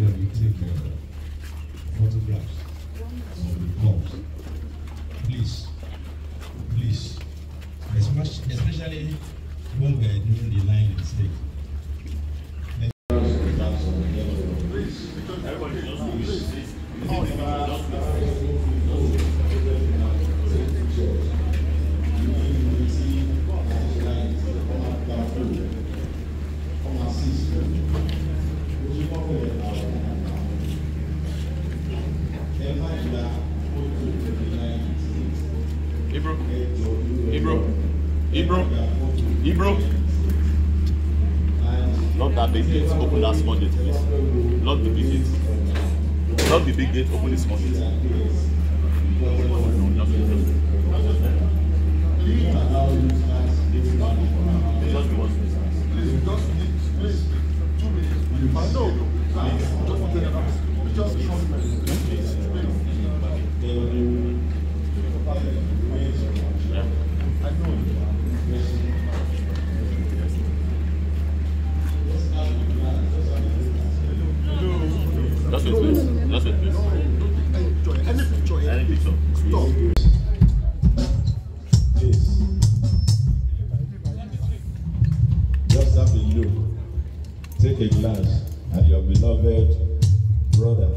of them you take uh, photographs of the cops. Please, please, especially when we are doing the line mistake. Please, everybody just On open les small Just wait, please. Just wait, please. Any picture. have a look. Take a glance at your beloved brother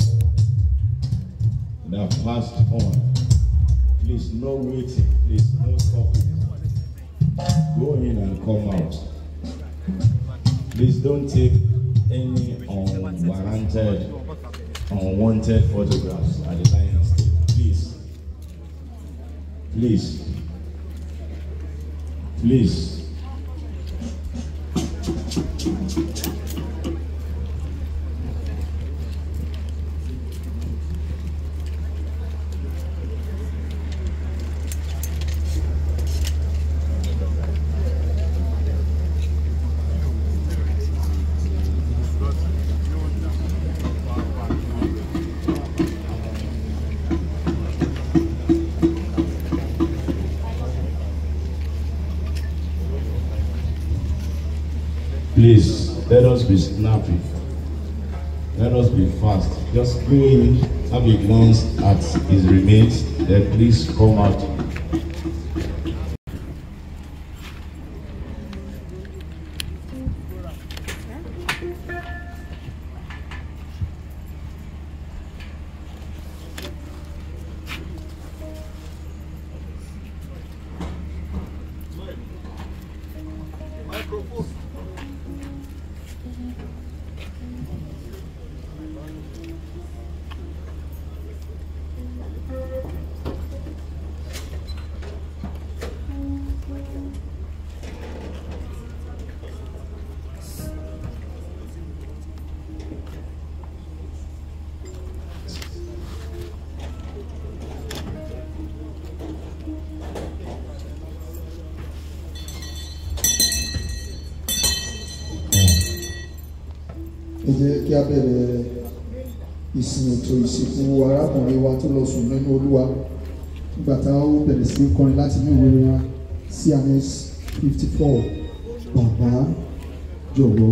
Now passed on. Please, no waiting. Please, no stopping. Go in and come out. Please don't take any unwarranted. Um, unwanted photographs at the Lions State. Please, please, please. be snappy. Let us be fast. Just go in, have a glance at his remains, then please come out. Microphone. Thank you. jẹ́ kí a bẹ̀rẹ̀ ìsìn ètò ìsìnkú arákùnrin wa tó lọ sùn nínú olúwa nígbà tá ó bẹ̀rẹ̀ sí kọrin láti ní ìwé wa CMS fifty four bàbá jọ̀wọ́.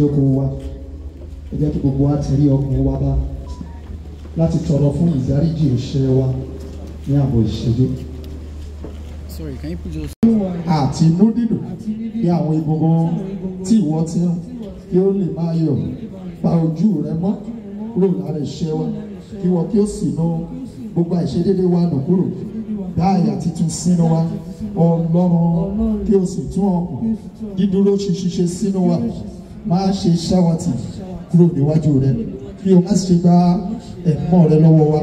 ìjókòó wa ẹ jẹ́ kí gbogbo wa tẹ̀lé ọkùnrin wa bá láti tọrọ fún ìdáríjì ẹ̀ṣẹ̀ wa ní àbọ̀ ìṣẹ́jú. àti inú dídùn ní àwọn egungun tí ìwọ ti hàn kí ó lè máa yọ pa ojú rẹ mọ́ kúrò lára ẹ̀ṣẹ̀ wa kí wọ́n kí ó sì ná gbogbo àìṣedéédé wa nù kúrò dá àyà tuntun sínú wa ọlọ́run kí o sì tún ọkàn dídúró ṣinṣin sínú wa máa ṣe ṣáwàtì kúrò níwájú rẹ kí o má ṣe gba ẹ̀mọ́ rẹ lọ́wọ́ wa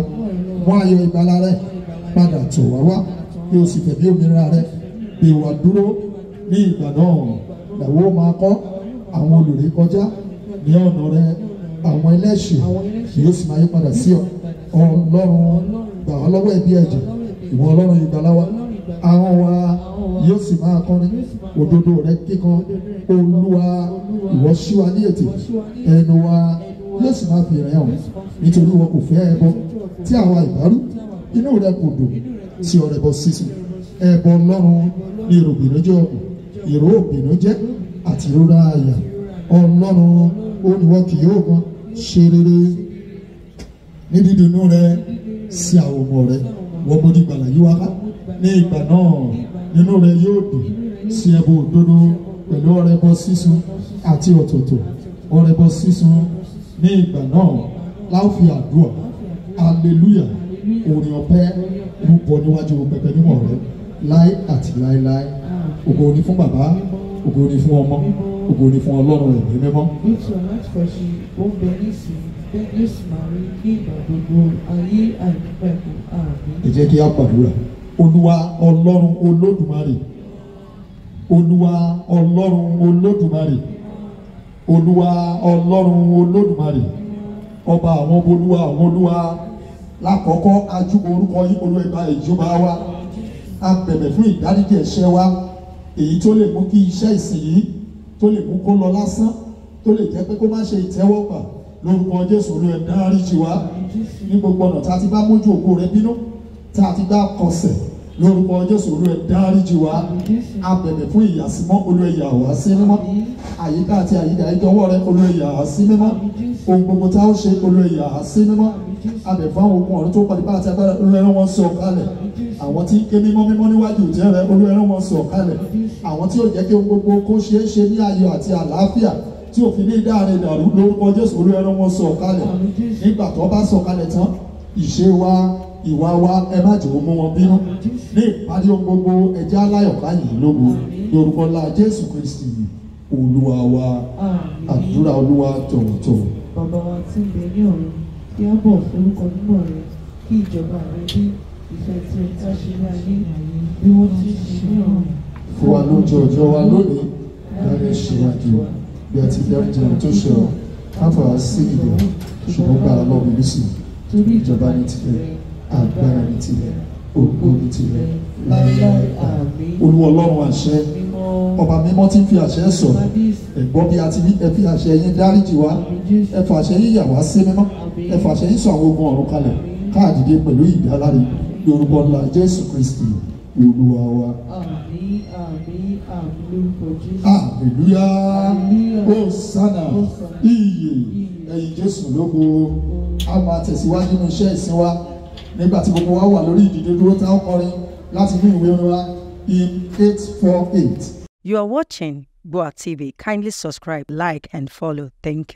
mú ayọ̀ ìgbàlà rẹ padà tọ̀ wá wá kí o sì tẹ̀lé òmìnira rẹ bí wà dúró ní ìgbà náà làwọn ó máa kọ́ àwọn olùrè kọjá ní ọ̀nà rẹ àwọn ẹlẹ́ṣẹ̀ yóò sì máa yí padà sí ọ ọlọ́run gbà wá lọ́wọ́ ẹ̀bi ẹ̀jẹ̀ ìwọ ọlọ́run ìgbàlà ahọ́n wa yóò sì máa kọrin òdodo rẹ kíkan olúwa ìwọ ṣí wa ní ètè ẹnu wa yóò sì máa fi rìn hàn nítorí wọn kò fẹ́ ẹbọ tí àwa ìbárú inú rẹ kò dùn sí ọrẹ bọ sísun ẹbọ ọlọ́run ní èrò ìbìnújẹ́ ọkùn ìró ìbìnújẹ́ àti ìrora àyà ọlọ́run ó kì yóò gan ṣe rere ní dídùnú rẹ sí àwọn ọmọ rẹ wọ́n mọ́ nígbàlá yíwáká ní ìgbà náà inú rẹ yóò dùn sí ẹbọ òdodo pẹ̀lú ọrẹbọ sísun àti ọ̀tọ̀tọ̀ ọrẹbọ sísun ní ìgbà náà láòfi àdúrà aleluya orin ọpẹ́ rúbọ níwájú pẹpẹ mímọ́ rẹ láé àti láéláé ògo ni fún bàbá ògo ni fún ọmọ ògo ni fún ọlọ́run ẹ̀mí mímọ́. ètò aláṣọṣe ó bẹ nísìnyí bẹ nísìnyí ní ẹ jẹ́ kí a gbàdúrà olúwa ọlọ́run olódùmarè olúwa ọlọ́run olódùmarè olúwa ọlọ́run olódùmarè ọba àwọn olúwa àwọn olúwa lákọ̀ọ́kọ́ ajúbọ orúkọ yín olú ẹ̀ka ìjọba wa a bẹ̀bẹ̀ fún ìdáríjì ẹ̀ṣẹ̀ wa èyí tó lè mú kí iṣẹ́ ìsìn yìí tó lè mú kó lọ lásán tó lè jẹ́ pé kó má ṣe ìtẹ́wọ́gbà lórúkọ jésù olú ẹ̀dáríjì wa ní gbogbo ọ̀nà tá a ti bá mójú òkú rẹ bínú tá a ti gbá kọsẹ̀ lórúkọ Jésù olú ẹ̀ dáríjì wá a bẹ̀bẹ̀ fún ìyàsímọ́ olú ẹ̀ yà wá sí mímọ́ àyíká àti àyíká ìjọwọ́ rẹ olú ẹ̀ yà wá sí mímọ́ ohun gbogbo tá a ó ṣe olú ẹ̀ yà wá sí mímọ́ a bẹ̀ fún àwọn ogun ọ̀run tó pàdé bá àti agbára olú ẹ̀rọ wọn sọ̀ kalẹ̀ àwọn tí ké mímọ́ mímọ́ níwájú ìtẹ́ rẹ olú ẹ̀rọ wọn sọ̀ kalẹ̀ àwọn tí yóò jẹ́ kí gbogbo kó ṣeé ìwà wa ẹ má jẹ́ mú wọn bínú ní ìparí ohun gbogbo ẹjẹ́ aláyọ̀ká yìí lógo ní orúkọ ńlá jésù kristi olúwa wa àdúrà olúwa tọ̀wọ̀tọ̀wọ̀. bàbá wa tí ń bẹ ní ọ̀run kí á bọ̀ forúkọ mímọ́ rẹ kí ìjọba rẹ dé ìfẹ́ tí o tá ṣe ní ayé bí wọ́n ti ṣe ní ọ̀run. fún wa lóúnjẹ ọjọ́ wa lónìí dáre ṣe àjò bí a ti dárí jẹun tó ṣe ọ káfà sí ìyẹn ṣùgbọ́n gbà á lọ́wọ́ nísìnyí torí ìjọba ní tìrẹ agbára ní tirẹ̀ òpó ní tirẹ̀ láíláí àmín olúwa ọlọ́run àṣẹ ọba mímọ́ tí ń fi àṣẹ sọ ẹ̀gbọ́n bí a ti ní ẹ fi àṣẹ yín dáríjì wá ẹ fà àṣẹ yín yà wá sí mímọ́ ẹ fà àṣẹ yín sọ àwọn ogun ọ̀run kalẹ̀ káàdìdé pẹ̀lú ìdáláre lórúkọ ńlá jésù kristi olúwa wa. àmín àmín àmín lórúkọ ẹ̀yìn jésù lógo a máa tẹ̀síwájú nínú iṣẹ́ ìsìn nígbà tí gbogbo wa wà lórí ìdìde dúró tá ó kọrin láti inú ìwé orin in eight four eight. You are watching Gboah TV. Kindly subscribe, like, and follow. Thank you.